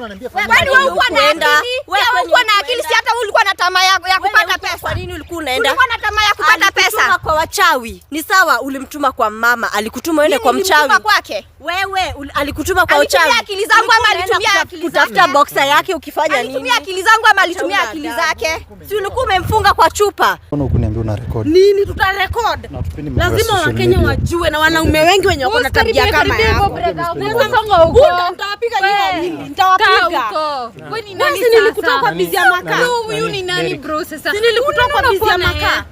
wewe ulikuwa na akili si hata ulikuwa na tamaa ya kupata pesa. Kwa nini ulikuwa unaenda? Ulikuwa na tamaa ya wachawi ni sawa. Ulimtuma kwa mama, alikutuma ende kwa mchawi kwake. Wewe alikutuma kwa uchawi. Akili zangu ama alitumia akili zake kutafuta boxer yake, ukifanya nini? Alitumia akili zangu ama alitumia akili zake? Si ulikuwa umemfunga kwa chupa? Mbona ukuniambia una record nini? Tuta record, lazima wa Kenya wajue, na wanaume wengi wenye wako na tabia kama yako. songa huko Nitawapiga mimi nitawapiga wewe. Ni nani sasa? nilikutoka kwa bizia makaa. Huyu ni nani bro? Sasa nilikutoka kwa bizia makaa eh?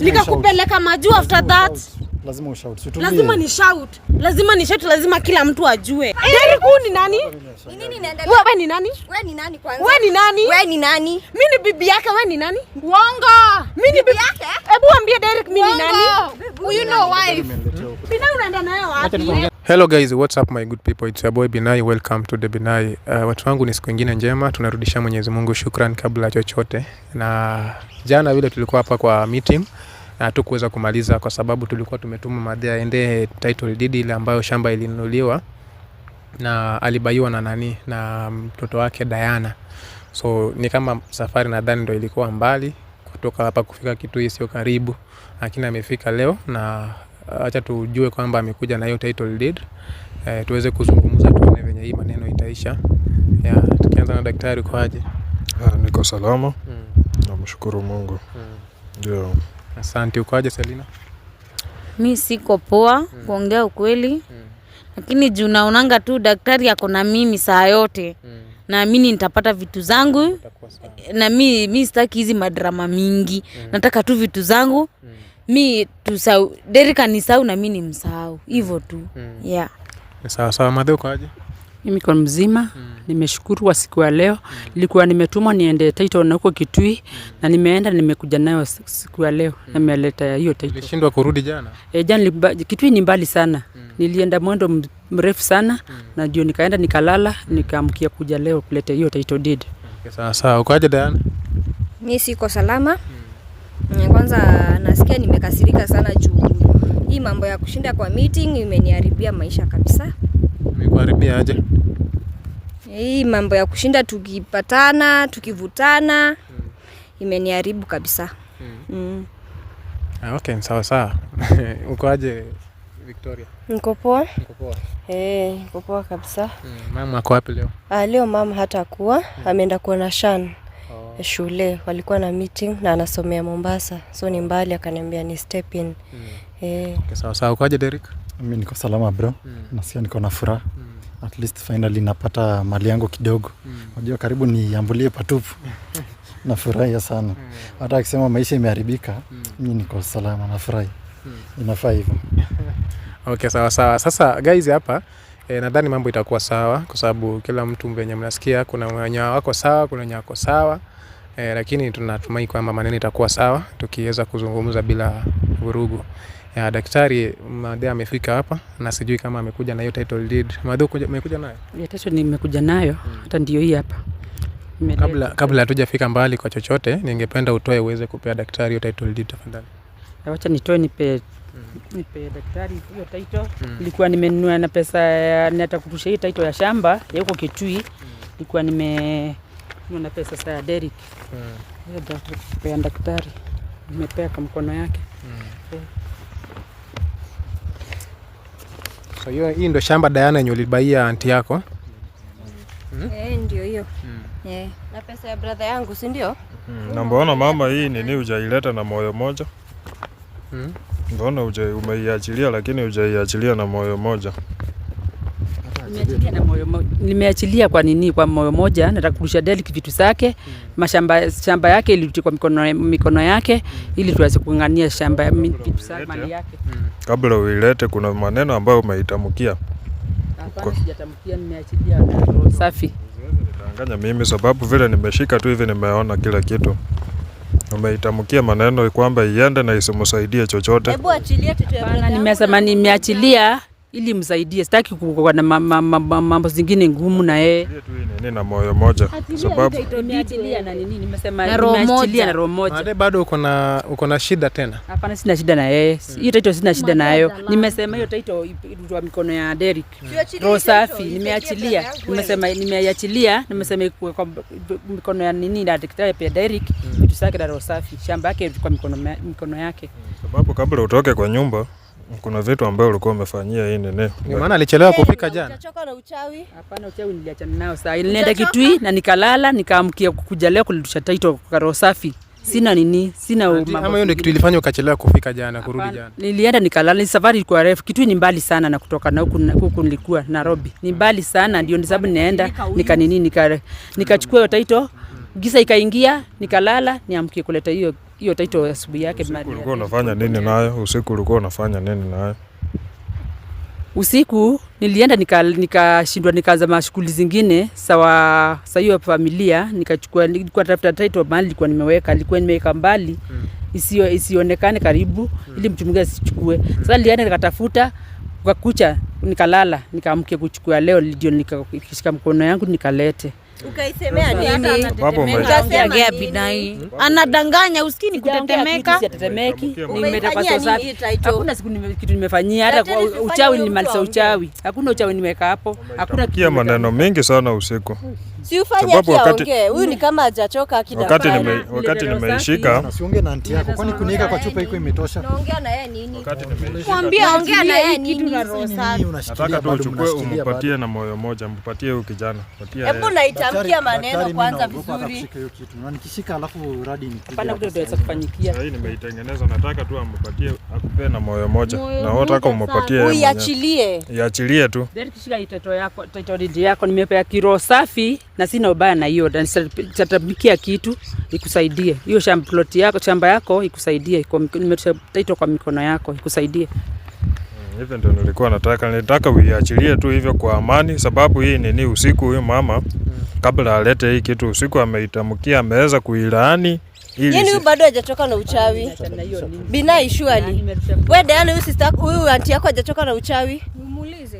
nikakupeleka majuu after that. Lazima ushout. Lazima ni shout. Lazima ni shout, lazima kila mtu ajue. Derrick ni nani? Wewe ni nani? Wewe ni nani kwanza? Wewe ni nani? Wewe ni nani? Mimi ni bibi yake, wewe ni nani? Uongo. Mimi ni bibi yake? Hebu ambie Deri mimi ni nani? You know why. Mimi naenda naye wapi? Hello guys, what's up my good people? It's your boy Binai. Welcome to the Binai. Uh, watu wangu ni siku nyingine njema, tunarudisha Mwenyezi Mungu shukrani kabla chochote. Na jana vile tulikuwa hapa kwa meeting na tukuweza kumaliza kwa sababu tulikuwa tumetuma madhia ende title deed ile ambayo shamba ilinunuliwa na alibaiwa na nani na mtoto wake Diana. So ni kama safari nadhani ndo ilikuwa mbali kutoka hapa kufika Kitui, sio karibu, lakini amefika leo na Eh, acha tujue kwamba amekuja na hiyo title deed eh, tuweze kuzungumza tuone venye hii maneno itaisha. ya, tukianza na daktari kwaje? Ah, niko salama mm. Namshukuru Mungu mm. Yeah. Asante. Ukoaje Selina? Mi siko poa mm. kuongea ukweli mm. Lakini juu naonanga tu daktari ako na mimi saa yote mm. Naamini nitapata vitu zangu na mi, mi sitaki hizi madrama mingi mm. Nataka tu vitu zangu mm mi tusau ni sau na mi hmm. ni msahau hivyo tu mm. yeah. sawa sawa madhe ukoaje Niko mzima mm. Nimeshukuru wa siku ya leo mm. nimetumwa niende title na huko Kitui mm. na nimeenda nimekuja nayo siku ya leo mm. Nimeleta hiyo title Nilishindwa kurudi jana. E, jana Kitui ni mbali sana mm. Nilienda mwendo mrefu sana mm. na ndio nikaenda nikalala mm. nikaamkia kuja leo kuleta hiyo title deed. Okay, sawa sawa. ukoaje Diana? Mimi siko salama mm. Kwanza nasikia nimekasirika sana juu hii mambo ya kushinda kwa meeting imeniharibia maisha kabisa. Imekuharibia aje? Hii mambo ya kushinda tukipatana, tukivutana hmm. Imeniharibu kabisa hmm. hmm. Ah, okay, sawa sawa. Uko aje Victoria? Niko poa. Niko poa. Eh, niko poa kabisa. Hmm, mama ako wapi leo? Ah, leo mama hata hmm. Ameenda kuona Shan. Eh, shule walikuwa na meeting na anasomea Mombasa, so ni mbali, akaniambia ni step in. mm. Eh, okay, sawa sawa. Ukoaje Derek? Mimi niko salama bro. mm. nasikia niko na furaha mm. At least finally napata mali yangu kidogo. Mm. Unajua mm. karibu ni ambulie patupu nafurahia sana mm. hata akisema maisha imeharibika mm. mimi niko salama, nafurahi mm. inafaa hivyo okay, sawa sawa. Sasa guys hapa E, nadhani mambo itakuwa sawa kwa sababu kila mtu venye mnasikia, kuna wenye wako sawa, kuna wenye wako sawa mm e, lakini tunatumai kwamba maneno itakuwa sawa tukiweza kuzungumza bila vurugu. Ya, daktari Made amefika hapa na sijui kama amekuja na hiyo title deed. Made umekuja nayo? Ya title nimekuja nayo, hmm. hata ndio hii hapa. Kabla kabla hatujafika mbali kwa chochote, ningependa utoe uweze kupea daktari hiyo title deed tafadhali. Acha nitoe nipe hmm. nipe daktari hiyo title. mm. Ilikuwa nimenunua na pesa ya nataka kutusha hii title ya shamba ya huko Kitui. Hmm. Nilikuwa nime hiyo na pesa sasa ya Derrick. Hiyo hmm. yeah. ya daktari kwa mkono yake mm. yeah. So hiyo hii ndo shamba Diana yenye ulibaia anti yako mm. Eh, ndio hiyo mm. yeah. na pesa ya brother yangu si ndio? Mm. Na mbona mama hii nini hujaileta na moyo moja mm. Mbona umeiachilia lakini hujaiachilia na moyo moja Nimeachilia kwa nini? Kwa moyo moja nataka kurusha Delick vitu zake, mashamba shamba yake ilirudi kwa mikono, mikono yake ili tuweze kungania shamba vitu zake mali yake. Mm. Kabla uilete kuna maneno ambayo umeitamkia. Hapana, sijatamkia, nimeachilia safi. Nitanganya mimi sababu vile nimeshika tu hivi nimeona kila kitu. Umeitamkia maneno kwamba iende na isimsaidie chochote. Hebu achilia, nimeachilia ili msaidie, sitaki kuwa na mambo ma, ma, ma, ma, zingine ngumu na yeye na moyo moja, kwa sababu na roho moja. Bado uko na uko na shida tena? Hapana, sina shida na yeye hiyo taito sina shida nayo, nimesema hiyo title kwa mikono ya Derek, roho safi nimeachilia, nimesema nimeachilia, nimesema kwa mikono ya nini na daktari pia Derek, mm. vitu zake na roho safi, shamba yake kwa mikono mikono yake, sababu kabla utoke kwa nyumba kuna vitu ambayo ulikuwa umefanyia hii nene. Ni maana alichelewa kupika eh, jana. Unachoka na uchawi. Hapana, uchawi niliachana nao saa Nilienda kitui na nikalala nikaamkia kukuja leo kulitusha title kwa roho safi. Sina nini, sina mambo. Hiyo ndio kitu ilifanya ukachelewa kufika jana kurudi jana. Nilienda nikalala, safari ilikuwa refu. Kitui ni mbali sana na kutoka na huku huku nilikuwa Nairobi. Ni mbali sana ndio sababu ninaenda nikanini nikachukua hiyo title. Gisa ikaingia, nikalala, niamkie kuleta hiyo hiyo title ya asubuhi yake. Ulikuwa unafanya nini nayo usiku? Ulikuwa unafanya nini nayo usiku? Nilienda nikashindwa, nika nikaanza mashughuli zingine, sawa saa hiyo familia, nikachukua nilikuwa tafuta title mahali nilikuwa nimeweka, nilikuwa nimeweka mbali hmm. isiyo isionekane karibu hmm. ili mtu mwingine asichukue hmm. Sasa nilienda nikatafuta ukakucha, nikalala nikaamke kuchukua. Leo ndio nikashika mkono yangu nikalete anadanganya, usikii ni kutetemeka. Hakuna siku kitu nimefanyia, hata uchawi nimalisa uchawi. Hakuna uchawi nimeweka hapo, hakuna. Maneno mengi sana usiku si ufanye akiaongee huyu ni mm. kama hajachoka akidafari. Wakati nimeishika usiongee na anti yako, kwani kuniweka kwa chupa iko imetosha? Naongea na yeye nini? Kwambia ongea na yeye nini? Nataka tu uchukue umpatie na moyo moja, mpatie huyu kijana. Hebu naitamkia maneno kwanza vizuri. Nikishika alafu radi nikuje. Hapana, ndio ndio kufanyikia. Sasa hii nimeitengeneza, nataka tu ampatie akupe na moyo moja. Na nataka umpatie Uiachilie. Iachilie tu. Ndio kishika itoto yako, itoto yako nimepea kiroho safi na sina ubaya na hiyo, nitatabikia kitu ikusaidie hiyo shamba plot yako, shamba yako ikusaidie, nimetaitwa kwa mikono yako ikusaidie. Hmm, hivyo ndio nilikuwa nataka, nilitaka uiachilie tu hivyo kwa amani, sababu hii nini, usiku huyu mama kabla alete hii kitu usiku ameitamkia, ameweza kuilaani Yani huyu bado hajatoka na uchawi. Bina yaani ishuali. Wewe huyu sister huyu anti yako hajatoka na uchawi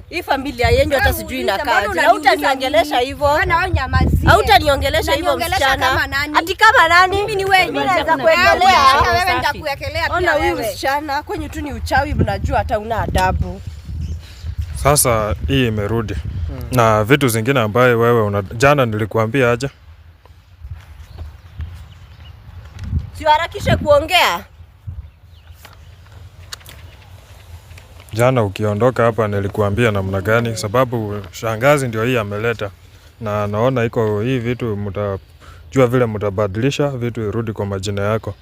hii familia yenyu hata sijui na kazi, na utaniongelesha hivyo, au hivyo msichana, ati kama nani? Ona huyu msichana kwenye tu ni uchawi, mnajua hata una adabu. Sasa hii imerudi na vitu zingine ambaye wewe una, jana nilikuambia aje, siharakishe kuongea jana ukiondoka hapa nilikuambia namna gani, sababu shangazi ndio hii ameleta, na naona iko hii vitu mtajua vile mtabadilisha vitu irudi kwa majina yako,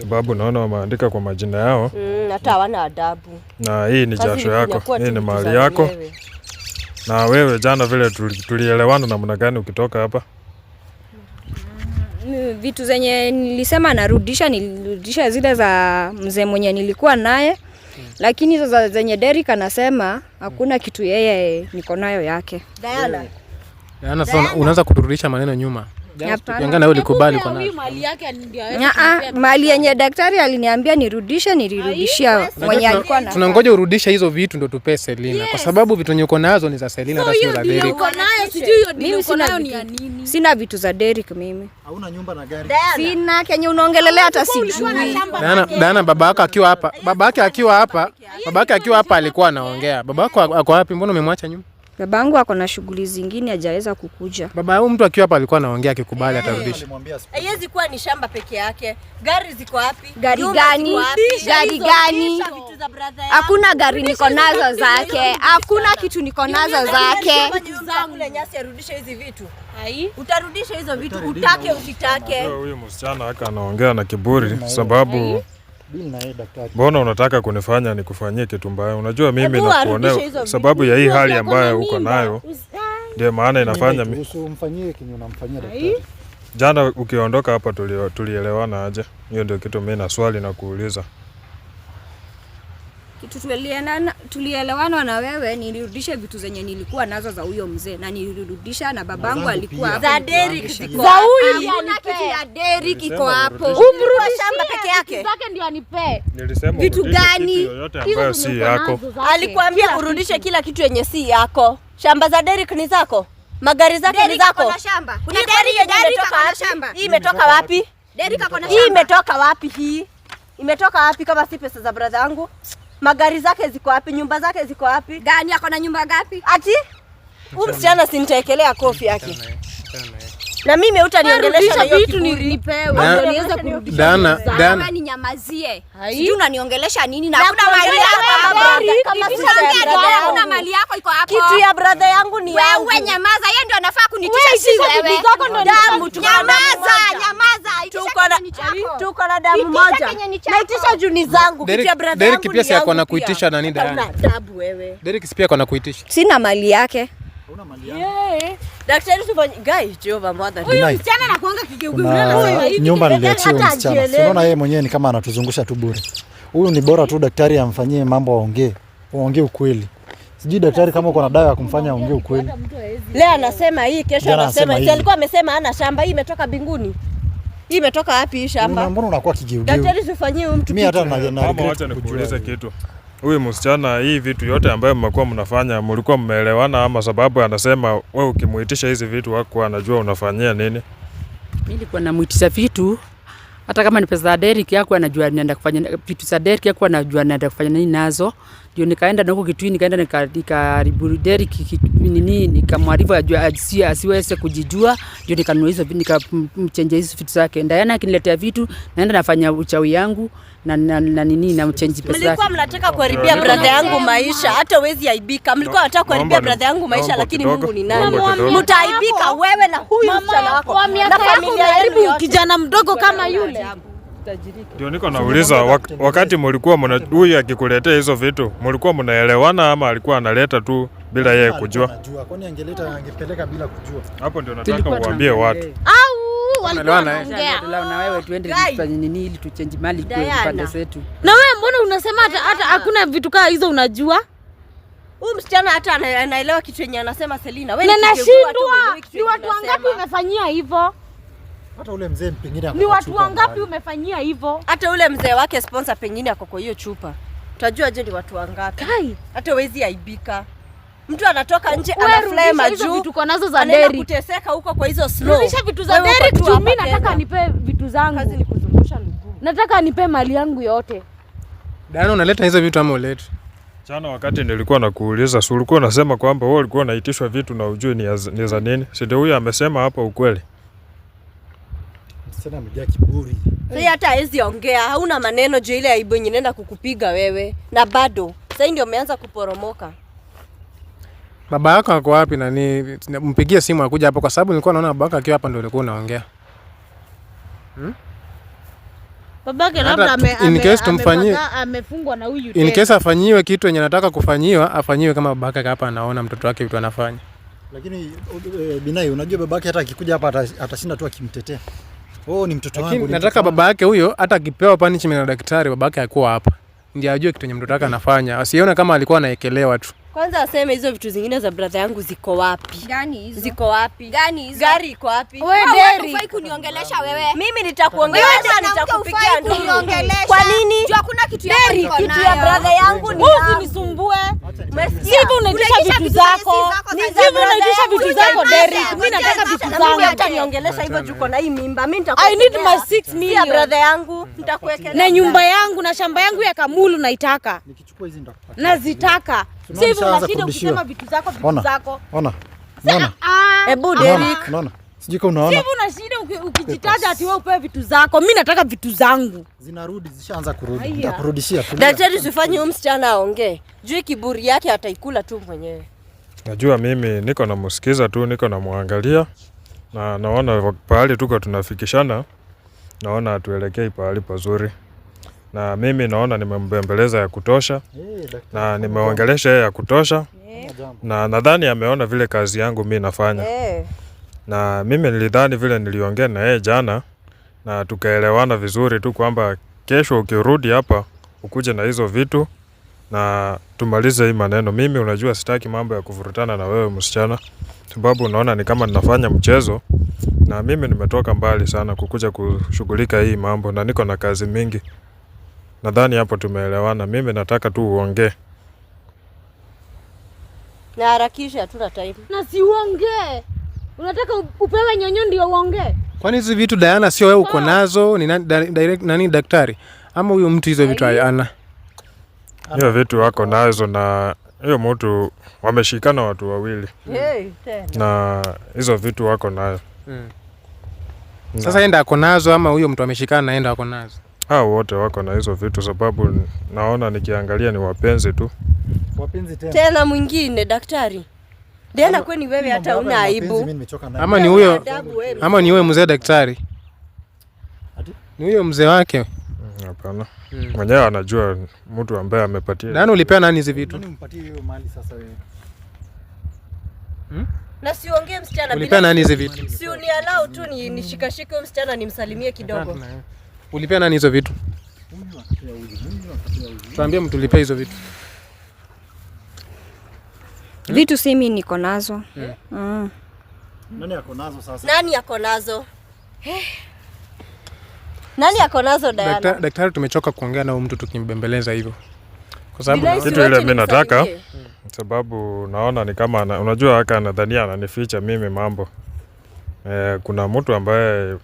sababu naona wameandika kwa majina yao mm, hata hawana adabu. Na hii ni jasho yako, hii ni mali yako. Na wewe jana vile tulielewana namna gani ukitoka hapa mm, vitu zenye nilisema narudisha, nilirudisha zile za mzee mwenye nilikuwa naye lakini hizo zenye Derrick anasema hakuna kitu yeye niko nayo yake. Diana, Diana, so unaweza kuturudisha maneno nyuma Yaani mali yenye daktari aliniambia nirudishe, nilirudishia mwenye alikuwa na. Tunangoja urudishe hizo vitu ndo tupe Selina, kwa sababu vitu yenye uko nazo ni za Selina, hata sio za Derek. Sina vitu za Derek mimi. Hauna nyumba na gari. Sina kenye unaongelelea hata sijui. Dana, baba yako akiwa hapa, baba akiwa hapa, baba akiwa hapa alikuwa anaongea. Baba wako ako wapi? Mbona umemwacha nyuma? Babangu ako na shughuli zingine hajaweza kukuja. Baba yangu mtu akiwa hapa alikuwa anaongea akikubali atarudisha. Haiwezi eh, kuwa ni shamba peke yake. Gari ziko wapi? Gari gani? Gari gani? Hakuna gari niko nazo zake. Hakuna kitu niko nazo zake. arudishe hizi vitu. Hai? Utarudisha hizo vitu utake usitake. Huyu msichana aka anaongea na kiburi sababu Hai? Mbona unataka kunifanya nikufanyie kitu mbaya? Unajua mimi nakuonea sababu ya hii hali ambayo uko nayo, ndio maana inafanya mi... Jana ukiondoka hapa tulielewana aje? Hiyo ndio kitu mi na swali na kuuliza kitu tulielewana na wewe, nilirudishe vitu zenye nilikuwa nazo za huyo mzee, na nilirudisha na babangu alikuwa za Derrick, iko hapo shamba peke yake. zake ndio anipe. Vitu gani si yako? Alikwambia urudishe? Kila kitu yenye si yako. Shamba za Derrick ni zako, magari zake ni zako. Kuna gari shamba, Hii imetoka wapi? shamba. Hii imetoka wapi? Hii imetoka wapi kama si pesa za brother wangu? Magari zake ziko wapi? Nyumba zake ziko wapi? Gani ako na nyumba gapi? Ati? Huyu msichana sintaekelea kofi yake na mimi utaniongelesha vitu ninyamazie, sijui unaniongelesha nini? Na kuna mali yako iko hapo. Kitu ya brother yangu ni wewe, nyamaza. Yeye ndio anafaa kunitisha, tuko na damu moja. Naitisha juni zangu, kitu ya brother yangu. Derek pia si kwa na kuitisha, sina mali yake Daktari guys, Jehova mwadha. Huyu msichana anakuanga Nyumba yaani niliachiwa msichana. Unaona yeye mwenyewe ni kama anatuzungusha tu bure. Huyu ni bora tu daktari amfanyie mambo aongee. Aongee ukweli. Sijui daktari kama uko na dawa ya kumfanya aongee ukweli. Leo anasema hii, kesho anasema hii. Alikuwa amesema ana shamba hii imetoka binguni. Hii imetoka wapi hii shamba? Mbona unakuwa kigeugeu? Daktari usifanyie huyu mtu kitu. Mimi hata na na. Wacha kitu huyu msichana, hii vitu yote ambayo mmekuwa mnafanya, mlikuwa mmeelewana ama? Sababu anasema wewe ukimuitisha hizi vitu wako anajua unafanyia nini. Mimi nilikuwa namuitisha vitu hata kama ni pesa za Derrick yako anajua nienda kufanya vitu za Derrick yako anajua nienda kufanya nini nazo. Ndio nikaenda na huko Kitui, nikaenda nikaribu Derrick nini, nikamwarifu asiweze kujijua, ndio nikanua hizo, nikamchenja hizo vitu zake. Diana akiniletea vitu, naenda nafanya uchawi yangu na na, na nini na mchenji pesa zake. Mlikuwa mnataka kuharibia brother yangu maisha, hata wezi aibika. Mlikuwa mnataka kuharibia brother yangu maisha, lakini Mungu ni nani? Mtaaibika wewe na huyu msichana wako na familia yako, kijana mdogo kama yule ndio niko nauliza wakati mulikuwa mna huyu akikuletea hizo vitu mulikuwa mnaelewana ama alikuwa analeta tu bila yeye kujua? Hapo ndio nataka uambie watu. Eh? na wewe mbona unasema hata hakuna vitu kaa hizo unajua? Huyu msichana hata anaelewa kitu yenye anasema Selina. Wewe unashindwa. Ni watu wangapi umefanyia hivo hata ule mzee pengine ni watu wangapi umefanyia hivyo? Hata ule mzee wake sponsor pengine ako kwa hiyo chupa, tutajua je ni watu wangapi? Kai, hata wezi aibika. Mtu anatoka nje anaflema juu vitu nazo za deri, kuteseka huko kwa hizo slow. Rudisha vitu za deri tu, mimi nataka nipe vitu zangu. Kazi ni kuzungusha ndugu, nataka nipe mali yangu yote. Dana, unaleta hizo vitu ama ulete chana? wakati nilikuwa nakuuliza, si ulikuwa unasema kwamba wewe ulikuwa unaitishwa vitu na ujue ni za nini? Si ndio huyo amesema hapa ukweli msichana amejaa kiburi. Sasa hey, hata hawezi ongea, hauna maneno juu ile aibu yenye nenda kukupiga wewe, na bado sasa ndio umeanza kuporomoka. Baba yako ako wapi? Nani mpigie simu akuja hapo, kwa sababu nilikuwa naona baba yako akiwa hapa ndio ulikuwa unaongea hmm? Babake labda ame, ame, ame amefungwa na huyu In case afanyiwe kitu yenye nataka kufanyiwa, afanyiwe kama babake hapa anaona mtoto wake vitu anafanya. Lakini eh, Binai, unajua babake hata akikuja hapa atashinda tu akimtetea oh, ni mtoto wangu. Nataka baba yake huyo hata akipewa punishment na daktari, baba yake hakuwa hapa, ndio ajue kitu yenye mtoto wake anafanya, asione kama alikuwa anaekelewa tu. Kwanza aseme hizo vitu zingine za brother yangu ziko wapi? Gani hizo? Ziko wapi? Gani hizo? Gari iko wapi? Wewe deri. unafai kuniongelesha wewe. Mimi nitakuongelesha, nitakupigia ndio. Kwa nini? Jua kuna kitu ya deri, kitu ya brother yangu ni hivi Usinisumbue. Umesikia? Hivi unaitisha vitu zako. Ni Hivi unaitisha vitu zako deri. Mimi nataka vitu zangu. Hata niongelesha hivyo juko na hii mimba. Mimi nitakuwa I need my 6 million brother yangu. Nitakuwekea. Na nyumba yangu na shamba yangu ya Kamulu naitaka. Nikichukua hizi nitakupata. Nazitaka unashinda ah, ah. ukijitaja ati wewe upewe vitu zako. Mimi nataka vitu zangu. Zinarudi, zishaanza kurudi. Nitakurudishia. Daktari, usifanye huyu msichana aongee juu kiburi yake ataikula tu mwenyewe. Najua mimi niko namsikiza tu, niko namwangalia na naona pahali tuko tunafikishana, naona hatuelekei pahali pazuri na mimi naona nimembembeleza ya kutosha hey, na nimeongelesha yeye ya kutosha yeah. Na nadhani ameona vile kazi yangu mi nafanya yeah. Na mimi nilidhani vile niliongea na yeye jana na tukaelewana vizuri tu kwamba kesho ukirudi hapa ukuje na hizo vitu na tumalize hii maneno. Mimi unajua, sitaki mambo ya kuvurutana na wewe msichana, sababu unaona ni kama ninafanya mchezo, na mimi nimetoka mbali sana kukuja kushughulika hii mambo, na niko na kazi mingi. Nadhani hapo tumeelewana. Mimi nataka tu uongee na harakisha, hatuna time. Na uongee. unataka upewe nyonyo ndio uongee? Kwani hizi vitu Diana sio wewe uko nazo? Ni nani, direct, nani daktari ama huyo mtu? Hizo vitu yaani- ana hiyo vitu wako nazo na hiyo mtu wameshikana watu wawili hey, na hizo vitu wako nazo hmm. Sasa enda ako nazo ama huyo mtu ameshikana enda ako nazo hao wote wako na hizo vitu, sababu naona nikiangalia ni wapenzi tu, wapenzi tena. Tena mwingine daktari Dena, kweni wewe hata una aibu ama ni huyo ama ni huyo mzee daktari? Ni huyo mzee wake? Mm, hapana, hmm. Mwenyewe anajua mtu ambaye amepatia. Nani ulipea nani hizi vitu? Hmm? Na siongee msichana bila. Ulipea nani hizi vitu? Si allow tu ni nishikashike msichana nimsalimie kidogo. Ulipea nani hizo vitu? Tuambie mtu ulipea hizo vitu. Vitu si mimi niko nazo. Mm. Nani ako nazo sasa? Nani ako nazo? Eh. Nani ako nazo Daktari, tumechoka kuongea na huyu mtu tukimbembeleza hivyo. Kwa sababu kitu ile mimi nataka sababu naona ni kama unajua haka nadhania ananificha mimi mambo. Eh, kuna mtu ambaye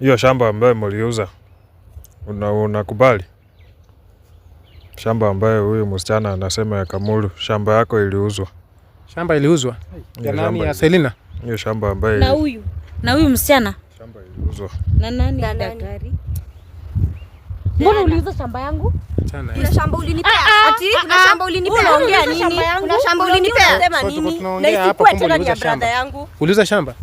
hiyo shamba ambayo mliuza unakubali? Una shamba ambayo huyu msichana anasema ya Kamulu, shamba yako iliuzwa? Shamba iliuzwa ya nani? Ya Selina. Hiyo shamba ambayo na huyu na huyu msichana, shamba iliuzwa na nani? Daktari, mbona uliuza shamba yangu? Kuna shamba ulinipea. Ati kuna shamba ulinipea. Unaongea nini? Kuna shamba ulinipea. Sema nini? Na isikuwe tena ni ya brada yangu. Uliuza shamba?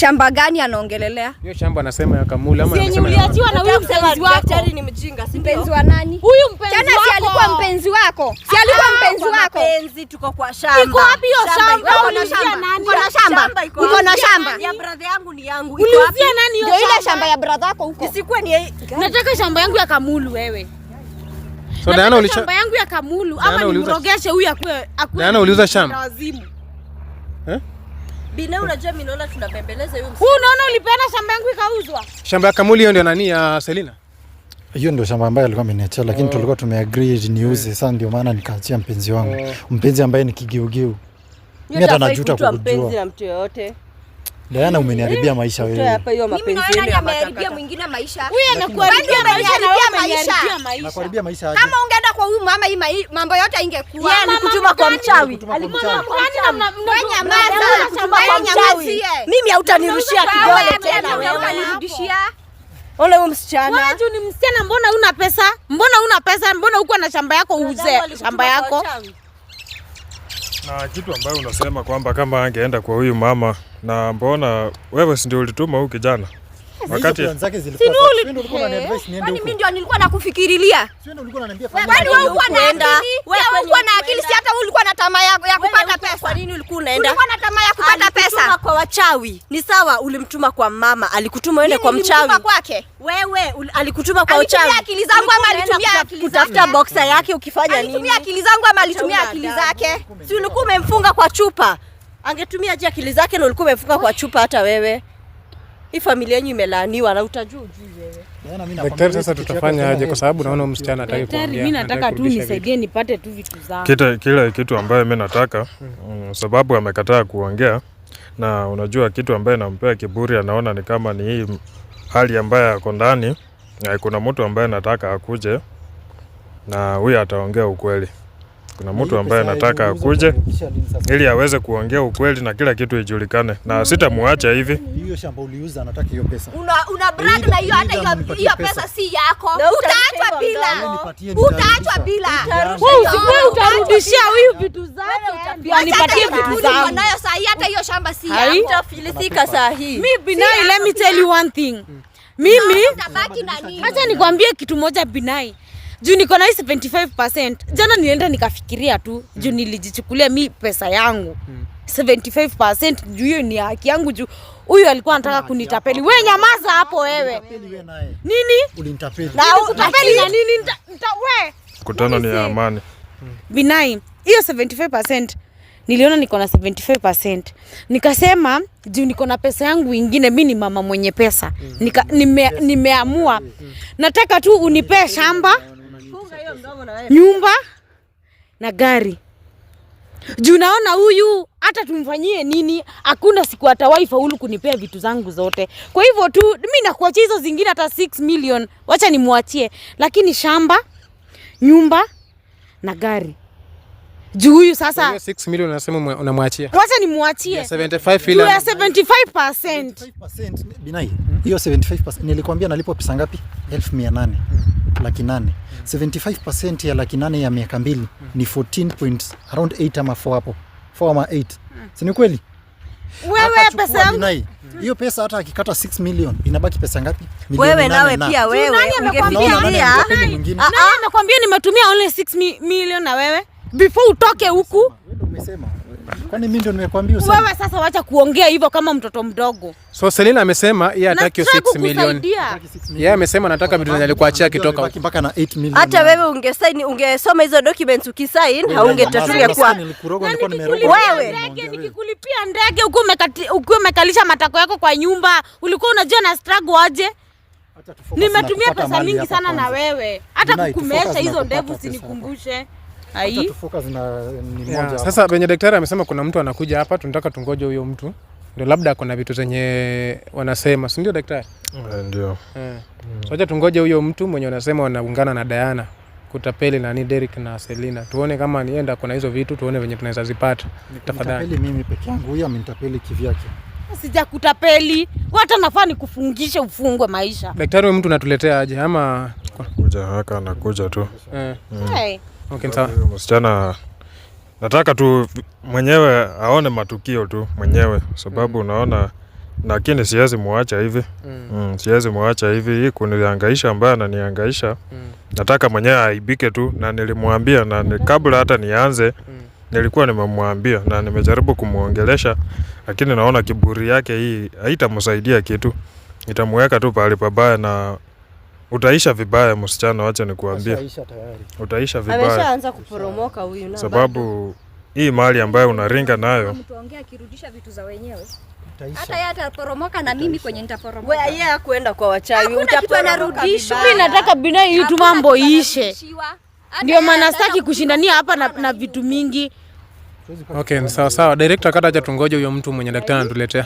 Shamba gani anaongelelea? Hiyo shamba anasema ya Kamula ama anasema ya mliachiwa na huyu mpenzi wako. Daktari ni mjinga, si mpenzi wa nani? Huyu mpenzi wako. Tena Si alikuwa mpenzi wako. Si ah, alikuwa ah, mpenzi wako. Mpenzi tuko kwa shamba. Iko wapi hiyo shamba? Uko na shamba. Uko na shamba. Uko na shamba. Ya brother yangu ni yangu. Iko wapi? Nani hiyo shamba? Ile shamba ya brother yako huko. Isikuwe ni Nataka shamba yangu ya Kamulu wewe. So Diana ulicha shamba yangu ya Kamulu ama nimrogeshe huyu akue akue. Diana uliuza shamba. Lazimu. Eh? Bine, unajua mimi naona tunabembeleza hiyo msichana. Unaona ulipeana shamba yangu ikauzwa. Shamba ya Kamuli hiyo ndio nani ya Selina? Hiyo ndio shamba ambayo alikuwa ameniachia, lakini oh. tulikuwa tumeagree niuze. Eh. Sasa ndio maana nikaachia mpenzi wangu, eh. mpenzi ambaye ni kigeugeu. Mimi hata najuta kukujua. Mpenzi na mtu yoyote. Diana, umeniharibia maisha wewe. Hapa hiyo mapenzi yenu ya ameharibia mwingine maisha. Huyu anakuharibia maisha na wewe umeniharibia maisha. Anakuharibia maisha yake. Kama ungeenda kwa huyu mama hii mambo yote ingekuwa. Yeye yaani alikutuma kwa mchawi. Alikuwa kwa mchawi. Mimi hautanirushia kidole tena wewe. Unanirudishia. Ole wewe msichana. Wewe tu ni msichana mbona una pesa? Mbona una pesa? Mbona uko na shamba yako uuze shamba yako? Na kitu ambayo unasema kwamba kama angeenda kwa huyu mama, na mbona wewe si ndio ulituma huyu kijana? mimi ndio nilikuwa nakufikirilia. Ulikuwa na akili si hata ulikuwa na tamaa ya kupata pesa. Kwa nini ulikuwa unaenda? Ulikuwa na tamaa ya kupata pesa kwa wachawi. Ni sawa, ulimtuma kwa mama, alikutuma uende kwa mchawi. Wewe alikutuma kwa uchawi. Alitumia akili zangu ama alitumia akili zake? Kutafuta boxer yake ukifanya nini? Alitumia akili zangu ama alitumia akili zake? Si ulikuwa umemfunga kwa chupa? Angetumia je akili zake na ulikuwa umefunga kwa chupa hata wewe. Hii familia yenu imelaaniwa na utajua ujui wewe. Daktari, sasa tutafanya aje? Kwa sababu naona msichana hataki kuongea. Daktari, mimi nataka tu nisaidie nipate tu vitu zangu. Kile kile kitu ambayo mimi nataka mm, sababu amekataa kuongea na unajua kitu ambaye nampea kiburi, anaona ni kama ni hii hali ambayo ako ndani, kuna mtu ambaye nataka akuje na huyu ataongea ukweli kuna mtu ambaye anataka akuje ili aweze kuongea ukweli na kila kitu ijulikane, na hmm. sitamwacha hivi. Hiyo shamba uliuza, anataka hiyo pesa. Una una brand na hiyo, hata hiyo pesa si yako, utaachwa bila, utaachwa bila. Wewe utarudishia huyu vitu zake, yaani nipatie vitu zangu nayo saa hii. Hata hiyo shamba si yako, utafilisika saa hii. Mimi Binai, let me tell you one thing, mimi acha nikwambie kitu moja Binai juu niko na hii 75%. Jana nienda nikafikiria tu juu hmm. nilijichukulia mi pesa yangu 75% hmm. juu hiyo ni haki yangu juu huyu alikuwa anataka kunitapeli. Wewe nyamaza hapo wewe. Nini? Na kutapeli na nini? Nita we. kutana ni amani. Hmm. Binai, hiyo 75% niliona niko na 75%. Nikasema juu niko na pesa yangu ingine, mi ni mama mwenye pesa. Nika, nime, nataka tu unipee shamba nyumba na gari juu naona huyu hata tumfanyie nini, hakuna siku atawahi faulu kunipea vitu zangu zote. Kwa hivyo tu mimi nakuachia hizo zingine, hata 6 million wacha nimwachie, lakini shamba, nyumba na gari juu huyu sasa 6 unasema unamwachia, wacha nimwachie 75 ya 75%. 75% Binai, hiyo 75% nilikwambia nalipwa pesa ngapi? 1800 mm. laki nane. 75% ya laki nane ya miaka mbili ni 14 around 8 ama 4 hapo 4 ama 8, mm. si ni kweli? Wewe pesa hiyo pesa hata akikata 6 inabaki pesa ngapi? Wewe nawe pia wewe ungefikiria. Nani ah, ah, amekwambia nimetumia only 6 na wewe before utoke huku. Kwani mimi ndio nimekuambia useme? Wewe sasa wacha kuongea hivyo kama mtoto mdogo. So Selina amesema yeye hataki 6 million. Yeye amesema nataka vitu zenye alikuachia kitoka huko. Mpaka na 8 milioni. Hata wewewe ungesign ungesoma hizo documents ukisign haungetatulia yaani kwa. Wewe nikikulipia ndege uko ukiwa umekalisha matako yako kwa nyumba, ulikuwa unajua na struggle aje? Nimetumia pesa mingi sana na wewe. Hata kukumesha hizo ndevu sinikumbushe. Hai. Zina, ni yeah. sasa venye daktari amesema kuna mtu anakuja hapa, tunataka tungoje huyo mtu, ndio labda kuna vitu zenye wanasema, si ndio daktari? Eh, ndio. Eh. Mm. Acha tungoje huyo mtu mwenye wanasema wanaungana na Diana kutapeli nani Derek na Selina, tuone kama nienda kuna hizo vitu, tuone venye tunaweza zipata. Tafadhali mimi peke yangu, huyo amenitapeli kivyake Sijakutapeli wata nafaa nikufungishe ufungwe maisha. Daktari, mtu natuletea aje ama kuja haka anakuja tu eh. mm. hey msichana nataka tu mwenyewe aone matukio tu mwenyewe sababu Unaona, mm. lakini siwezi mwacha hivi mm. Mm, siwezi mwacha hivi hii kuniangaisha ambayo ananiangaisha mm. Nataka mwenyewe aibike tu, na nilimwambia na kabla hata nianze mm. Nilikuwa nimemwambia na nimejaribu kumwongelesha, lakini naona kiburi yake hii haitamsaidia kitu, itamuweka tu pahali pabaya na Utaisha vibaya msichana, wacha nikuambia, utaisha vibaya sababu hii mali ambayo unaringa nayo kwenda kwa wachawi, mimi nataka bina hii tu mambo ishe Ndio maana sitaki kushindania hapa na, na vitu mingi. Okay, sawa sawa. Director, kata acha tungoje huyo mtu mwenye daktari anatuletea.